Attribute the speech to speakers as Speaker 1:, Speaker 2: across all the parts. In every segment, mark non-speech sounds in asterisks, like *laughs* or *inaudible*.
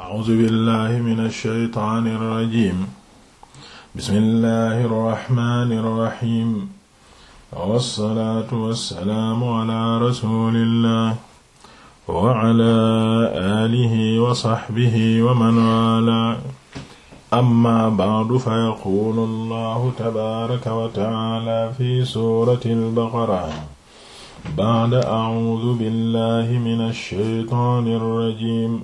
Speaker 1: a'uuzu billahi min ash-shaytaani rajiim bismillahi rahmaani rahiim wassalaatu wassalaamu ala rasulillah wa ala alihi wa sahbihi wa man waalaa amma ba'du fa yaquulu allahu tabaaraka wa ta'aala fi suurati al-baqara ba'da a'uuzu billahi min ash-shaytaani rajiim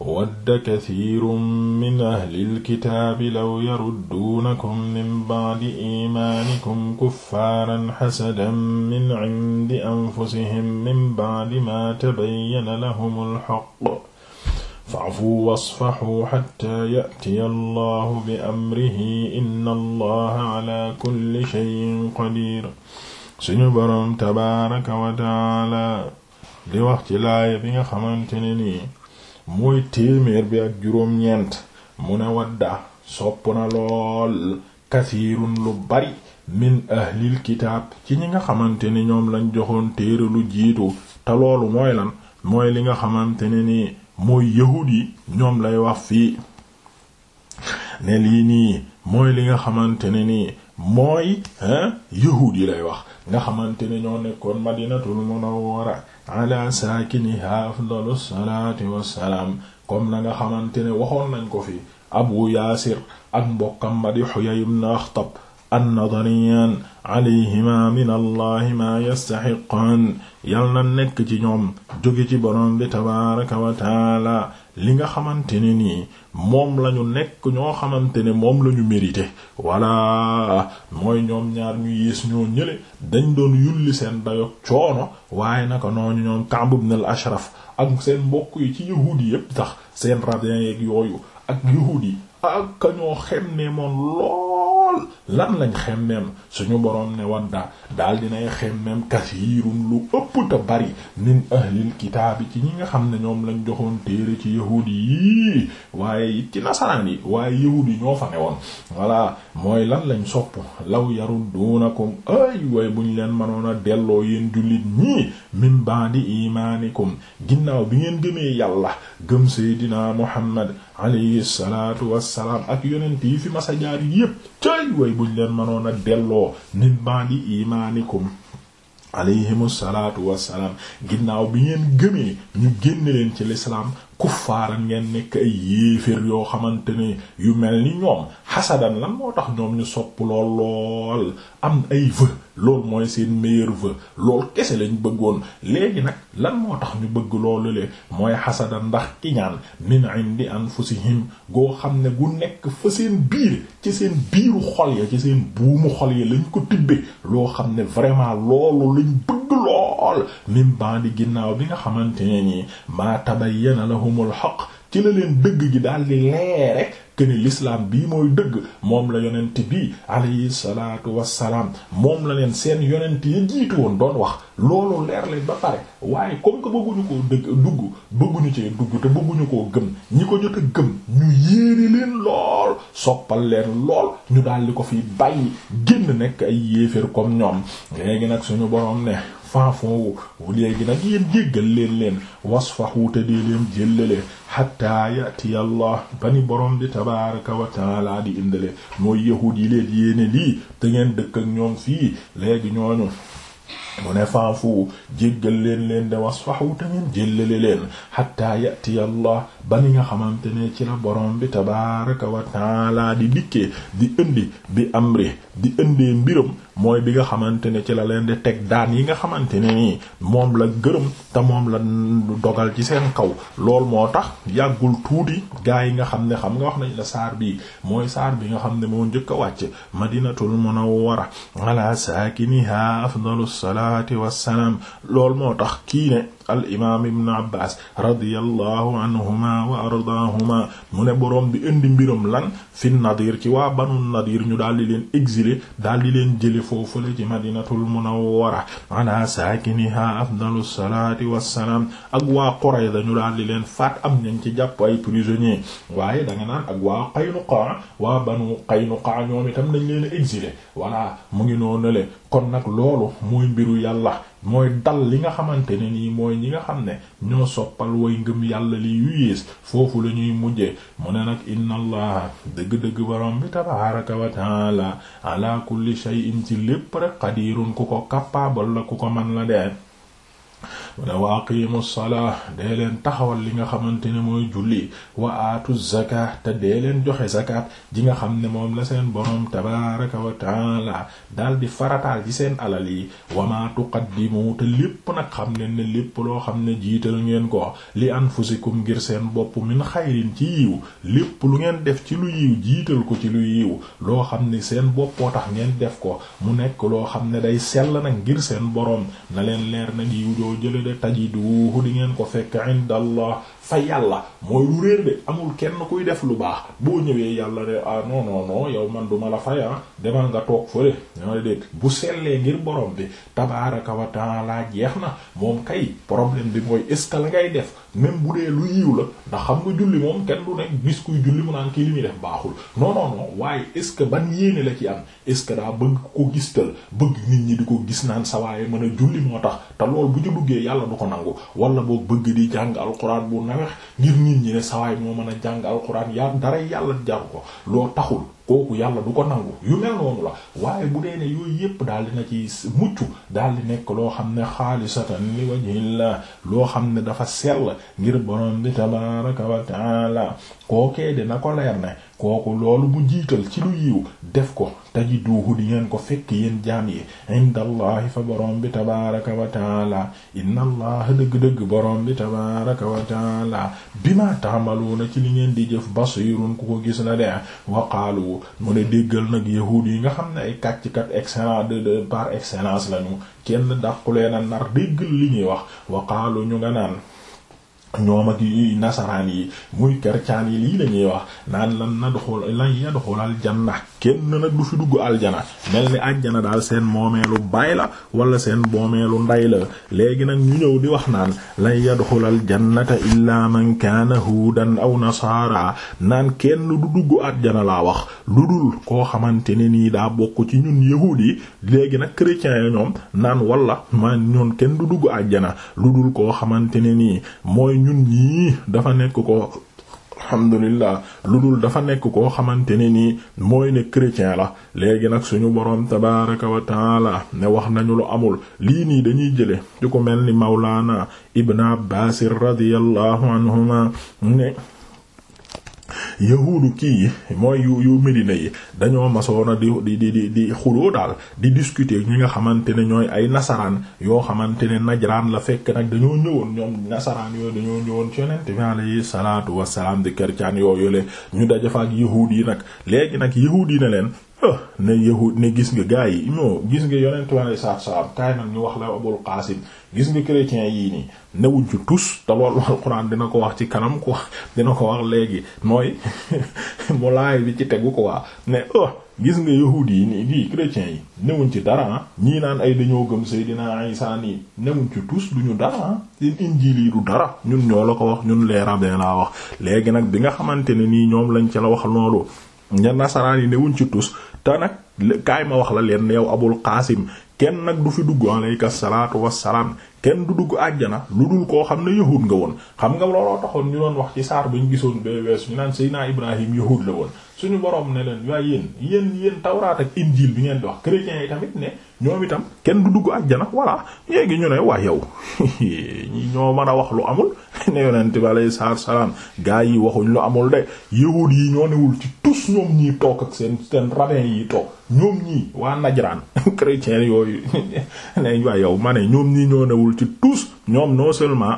Speaker 1: wadda kasiirun min ahlil kitaabi law yarudduunakum min ba'di iimaanikum kuffaaran hasadan min 'indi anfusihim min ba'di maa tabayyana lahumul haqq fa'fuu wasfahuu hattaa ya'tiya Allahu bi amrihi inna Allaha 'alaa kulli shay'in qadiir suñu boroom tabaaraka wa ta'aala di wax ci laaya bi nga xamante ne nii mooy téeméer bi ak juróom-ñeent mu ne wadda sopp na lool kasiirun lu bari min ahlil kitaab ci ñi nga xamante ni ñoom lañ joxoon téere lu jiitu te loolu mooy lan mooy li nga xamante ne ni mooy yahud yi ñoom lay wax fii ne lii nii mooy li nga xamante ne nii mooy hein yahud yi lay wax nga xamante ne ñoo nekkoon madinatul munawwara ala saakiniha afdalu salaati wassalaam comme na nga xamante ne waxoon nañ ko fi abu yaasir ak mbokkam ba di Huyay ibn Akhtab an-Nadariyaan alayhima min allahi maa yastaxiqaan yal na nekk ci ñoom jóge ci borom bi tabaaraka wa taala li nga xamante ne nii moom la ñu nekk ñoo xamante ne moom la ñu mérité voilà mooy ñoom ñaar ñu yées ñoo ñële dañ doon yulli seen dayo coono waaye naka nooñu ñoom Ka'b ibn al-Ashraf ak seen mbokk yi ci yahuudi yépp tax seen rabbin yeeg yooyu ak yahuudi ak ka ñoo xem ne moom lool xool lan lañ xemmeem suñu boroom ne wadda daal dinay xemmeem kasiirun lu ëpp te bari min ahlil kitaabi ci ñi nga xam ne ñoom lañ joxoon téere ci yahuud yi waaye it ci nasaraan yi waaye yahuud yi ñoo fa ne woon voilà mooy lan lañ sopp law yaruddunakum ay way buñ leen manoon a delloo yéen jullit ñii min ba'di imaanikum ginnaaw bi ngeen gëmee yàlla gëm seydinaa muhammad alayhi salaatu wassalaam ak yonent yi fi masa jaar yépp waay waay buñ leen mënoon a delloo min ba'di imaanikum alayhimu salaatu wassalaam ginnaaw bi ngeen gëmee ñu génn leen ci lislaam kuffaaran ngeen nekk ay yéeféer yoo xamante ne yu mel ni ñoom xasadan lan moo tax ñoom ñu sopp lool lool am ay vœux loolu mooy seen meilleur vœu lool kese lañ bëggoon léegi nag lan moo tax ñu bëgg loolu le mooy xasadan ndax kiñaan min indi anfusihim goo xam ne gu nekk fa seen biir ci seen biiru xol ya ci seen buumu xol ya lañ ko tibbe loo xam ne vraiment loolu lañ bëgg lool lool min ba'di ginnaaw bi nga xamante ne nii na tabayyana lahumul haqq ci la leen dëgg gi daal di leere këni l'islam bii mooy dëgg moom la yonent bi alayhi salaatu wassalaam moom la leen seen yonent yi jiitu woon doon wax loolu leer leen ba pare waaye comme que bëgguñu koo dëgg dugg bëgguñu ci dugg te bëgguñu koo gëm ñi ko jot a gëm ñu yéene leen lool soppal leen lool ñu daldi ko fi bàyyi génn nekk ay yéeféer comme ñoom léegi nag suñu borom ne fin fond wu wu léegi nag yéen jéggal leen leen wasfahu te dee leen jéllale hatta yatiya allah bani borom bi tabaraka wa taala di indale mooy yahud yi leen yéene lii te ngeen dëkk ak ñoom fii léegi ñooñu mu ne faafu jéggal leen leen de wax te ngeen jéllale leen hatta yatiya ba ni nga xamante ne ci la borom bi tabaraka wa taala di dikkee di indi bi amri di indee mbiram mooy bi nga xamante ne ci la leen di teg daan yi nga xamante ne nii moom la gërëm te moom la dogal ci seen kaw lool moo tax yàggul tuuti gaa yi nga xam ne xam nga wax nañ la saar bii mooy saar bi nga xam ne moo njëkk a wàcc madinatul munawwara ala saakiniha afdalus salaat salaati wassalaam loolu moo tax kii ne al imaam ibn abbas radiyallahu anhuma wa ardaahuma mu ne boroom bi indi mbiram lan fi nadir ci wa banu nadir ñu daal di leen exilé daal di leen jële foofule ci madinatul munawwara ala saakiniha afdalu salaati wassalaam ak waa Qurayza ñu daal di leen faat am nañ ci jàpp ay prisonniers waaye da nga naan ak waa Qaynuqa waa banu Qaynuqa ñoom itam dañ leen exilé voilà mu ngi noonu le kon nag loolu mooy mbiru yàlla mooy dal li nga xamante ne nii mooy ñi nga xam ne ñoo soppal way ngëm yàlla li yu yées foofu la ñuy mujjee mu ne nag inna allah dëgg-dëgg borom bi tabaaraka wa taala ala kulli shay'in ci lépp rek qadirun ku ko capable la ku ko man la dee mu ne wa aqimu salaa dee leen taxawal li nga xamante ne mooy julli wa aatu zakat te dee leen joxe zakat ji nga xam ne moom la seen boroom tabaraka wa taala di farataal ci seen alal yi wa ma tuqaddimu te lépp nag xam ne ne lépp loo xam ne jiital ngeen ko li anfusikum ngir seen bopp min xayrin ci yiw lépp lu ngeen def ci lu yiw jiital ko ci lu yiw loo xam ne seen boppoo tax ngeen def ko mu nekk loo xam ne day sell nag ngir seen boroom na leen koo jële de tajiduhu di ngeen ko fekk inda allah fa yàlla mooy lu réer de amul kenn kuy def lu baax boo ñëwee yàlla de ah non non non yow man duma la faya ah, demal nga toog fële dama dégg bu sellee ngir borom bi tabaraka wa taala jeex na moom kay problème bi mooy est-ce que la ngay def même bu dee lu yiw la ndax xam nga julli moom kenn du nekk gis kuy julli mu naan kii li muy def baaxul non non non waaye est-ce que ban yéene la ci am est-ce que daa bëgg ko gis tal bëgg nit ñi di ko gis naan sa waaye mën a julli moo tax te lool bu ñu duggee yàlla du ko nangu wala boo bëgg di jàng alxuraan bu nawex ngir nit ñi ne sawaay moo mën a jàng alxuraan ya dara yàlla jaru ko loo taxul kooku yàlla du ko nangu yu mel noonu la waaye bu dee ne yooyu yépp daal na ci mucc dal di nekk loo xam ne xaalisatan li wajhillah loo xam ne dafa sell ngir borom bi tabaraka wa taala kookee dina ko leer kooku loolu mu jiital ci yiw def ko tajiduhu di ngeen ko fekk yéen jaam yi inda allahi fa borom wa taala inna allaha dëgg-dëgg borom bi tabaraka wa taala bima taamaluuna ci li ngeen di jëf basirun ku ko gis la de waqaalu loolu mu ne déggal nag yahuud yi nga xam ne ay kàcckat excellence de de par excellence lañu kenn dàqulee na nar déggal li ñuy wax waqaalu ñu nga naan ñoom ak yi nasaraan yi muy kercaan yi lii la wax naan lan nadxul lan yadxul aljanna kenn nag du fi dugg aljana mel ni àjjana daal seen moomeelu baay la wala seen moomeelu nday la léegi nag ñu ñëw di wax naan lan yadxul aljannata illaa man kaana huudan aw nasaara naan kenn du dugg àjjana laa wax lu dul koo xamante ne nii daa bokk ci ñun yahuud yi léegi nag chrétiens ya ñoom naan wala man ñoon kenn du dugg àjjana lu dul koo xamante ne nii mooy ñun ñii dafa nekk ko alhamdulillah lu dul dafa nekk koo xamante ne nii mooy ne chrétien la léegi nag suñu boroom tabaraka wa ne wax nañu lu amul lii nii dañuy jële ci ko mel ni mawlaana ibn abbaasir radiyallahu anhuma ne yahuudu kii yi mooy yu yu Medina yi dañoo masoona di di di di xuloo daal di discuter ñi nga xamante ne ñooy ay nasaraan yoo xamante ne najraan la fekk nag dañoo ñëwoon ñoom nasaraan yooyu dañoo ñëwoon ci yonent bi alayhi salaatu wassalaam di kercaan yooyu le ñu dajafa ak yahuud yi nag léegi nag yahuud yi ne leen Oh. ne yahud ne gis nga gaa yi non gis nga yonent wala saaf saaf kaay nag ñu wax la abul qaasim gis nga chrétien yii nii newuñ ci tus te loolu *laughs* alxuraan dina ko wax ci kanam quoi dina ko wax léegi mooy *laughs* mu laay bi ci tegu quoi ne oh gis nga yahud yi nii gii yi newuñ ci dara ah ñii naan ay dañoo gëm Seydina Isaa nii newuñ ci tus duñu dara ah seen injiil yi du dara ñun la ko wax ñun les rabbins laa wax léegi nag bi nga xamante ne nii ñoom lañ ci la wax loolu. ña nasaraan yi newuñ ci tus te nag kaay ma wax la leen yow abul qaasim kenn nag du fi dugg aleyka salaatu wassalaam kenn du dugg àjjana lu dul koo xam ne yahud nga woon xam nga looloo taxoon ñu doon wax ci saar bi ñu gisoon bee weesu ñu naan Seydina Ibrahim yahud la woon suñu borom ne leen waaye yéen yéen yéen tawraat ak injiil bi ngeen di wax chrétiens yi tamit ne ñoom itam kenn du dugg àjjana voilà léegi ñu ne yow *laughs* ñi ñoo mën a wax lu amul *laughs* ne yonent bi alayhi salaam gaa yi waxuñ lu amul de yahuud yi ñoo newul ci tous ñoom ñii toog ak seen seen rabbin yi toog ñoom ñii waa najraan *laughs* chrétiens yooyu ne waa yow ma ne ñoom ñii ñoo newul ci tous ñoom non seulement.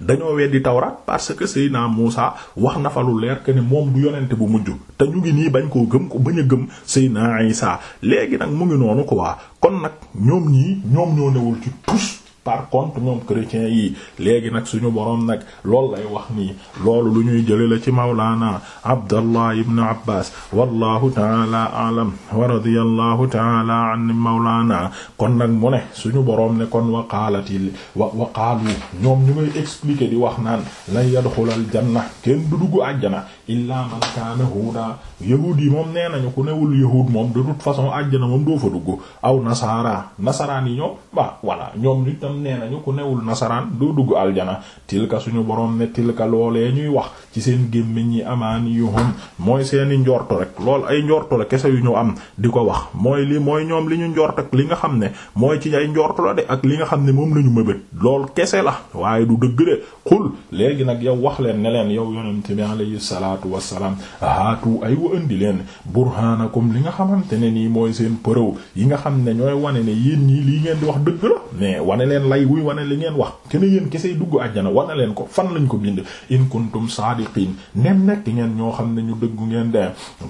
Speaker 1: dañoo weddi tawraat parce que naa Muusa wax na fa leer que ne moom du yonente bu mujj te ñu ngi nii bañ koo gëm ko bañ a gëm sëy Seydina Isaa léegi nag mu ngi noonu ko quoi kon nag ñoom ñii ñoom ñoo newul ci tus par contre ñoom chrétiens yi léegi nag suñu boroom nag lool lay wax nii loolu lu ñuy jële la ci mawlaana abdallah ibn abbas wallahu taala alam wa radiyallahu taala an mawlaana kon nag mu ne suñu boroom ne kon waqaalatil wa waqaalu ñoom ñu ngay expliquer di wax naan lan yadxulal janna kenn du duggu àjjana illaa man kaana huuda yahuud yi moom nee nañu ku newul yahuud moom de toute façon àjjana moom doo fa dugg aw nasaara nasaraan yi ñoom waa voilà ñoom ñoom nee nañu ku newul nasaraan du dugg aljana tilka suñu borom ne tilka loolee ñuy wax ci seen gémmiñ ñi amaan yu hum mooy seeni njortu rek lool ay njortu la kese yu ñu am di ko wax mooy lii mooy ñoom li ñu njort ak li nga xam ne mooy ci ay njortu la de ak li nga xam ne moom lañu mëbët lool kese la waaye du dëgg de qul léegi nag yow wax leen ne leen yow yonent bi alayhi salaatu wassalaam haatu ay wa indi leen burhanakum li nga xamante ne nii mooy seen përëw yi nga xam ne ñooy wane ne yéen ñii lii ngeen di wax dëgg la mais wane leen lay wuy wane li ngeen wax kenn ne yéen kese dugg àjjana wane leen ko fan lañ ko bind in kuntum saadiqiin nem nekk ngeen ñoo xam ne ñu dëggu ngeen de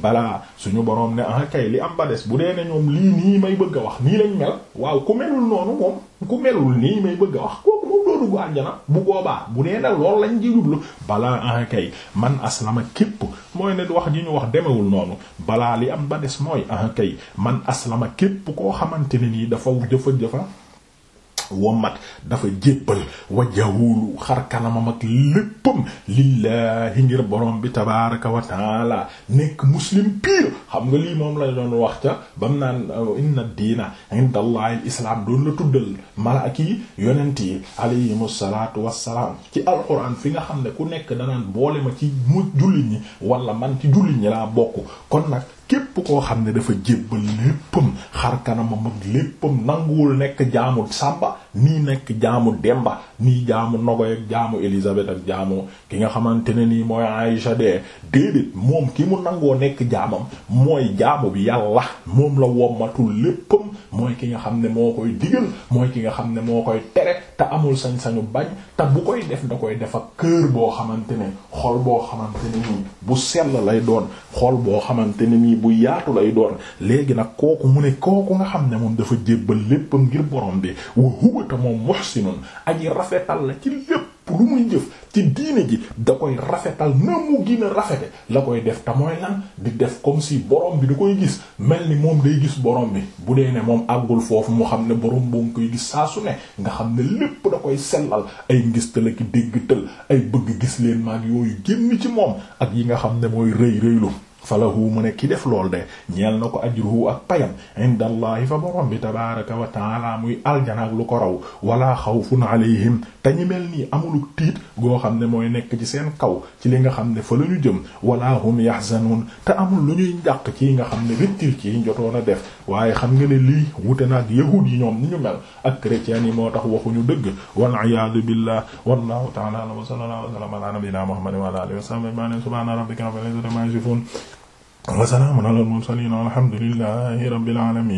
Speaker 1: balaa suñu boroom ne ah li am ba bu dee ne ñoom lii nii may bëgg a wax nii lañ waaw ku melul ku melul nii may bëgg a wax kooku moom doo dugg àjjana bu boobaa bu nee nag loolu lañ ci jublu balaa an ah, kay man aslama képp mooy ne wax ji ñu wax demewul noonu balaa li am ba des mooy an ah, kay man aslama képp koo xamante ne nii dafa jëfa jëfa womat dafa jéppal wajahulu xar kanamam ak léppam lillaahi ngir borom bi tabaraka wa taala nekk muslim pire xam nga lii moom la doon wax ca bam naan oh, inna diina inda allahi l islaam doon la tuddal malaak yi yonent yi alayhim salaatu wassalaam ci alquran fi nga xam ne ku nekk danaan boole ma ci mu jullit ñi wala man ci jullit ñi laa bokk kon nag képp koo xam ne dafa jébbal léppam xar kanamam ak léppam nanguwul nekk jaamu sàmba nii nekk jaamu Demba nii jaamu Nogoy ak jaamu Elisabeth ak jaamu ki nga xamante ne nii mooy Aïcha de moom ki mu nangoo nekk jaamam mooy jaamu bi yàlla moom la wommatul léppam mooy ki nga xam ne moo koy digal mooy ki nga xam ne moo koy tere te amul sañ-sañu bañ te bu koy def da koy def ak kër boo xamante ne xol boo xamante nii bu sell lay doon xol boo xamante ne nii bu yaatu lay doon léegi nag kooku mu ne kooku nga xam ne moom dafa jébbal léppam ngir borom bi wa huwa te moom ak aji rafetal la ci lépp lu muy jëf ci diine ji da koy rafetal na mu gën rafete la koy def te mooy lan di def comme si borom bi da koy gis mel ni moom day gis borom bi bu dee ne moom àggul foofu mu xam ne borom boo ngi koy gis saa su ne nga xam ne lépp da koy sellal ay ngistal ak dégg tël ay bëgg gis leen maag yooyu génn ci moom ak yi nga xam ne mooy rëy rëylu falahu mu ne ki def lool de ñeel na ko ajruhu ak payam indallahi fa borom bi tabaraka wa taala muy aljanaak lu ko raw wala xawfun alayhim te ñi mel nii amuluk tiit goo xam ne mooy nekk ci seen kaw ci li nga xam ne fa la ñu jëm wala hum yahzanun te amul lu ñuy njàq ci nga xam ne rëccil ci njotoon a def waaye xam nga ne lii wute naak yahuud yi ñoom ni ñu mel ak chrétiens yi moo tax waxuñu dëgg waliyadu billah wallahu taala wa sallallahu wa sallam ala nabina muhammadin wa ala wasalamun ala al mursalin walhamdulillahi rabbil alamin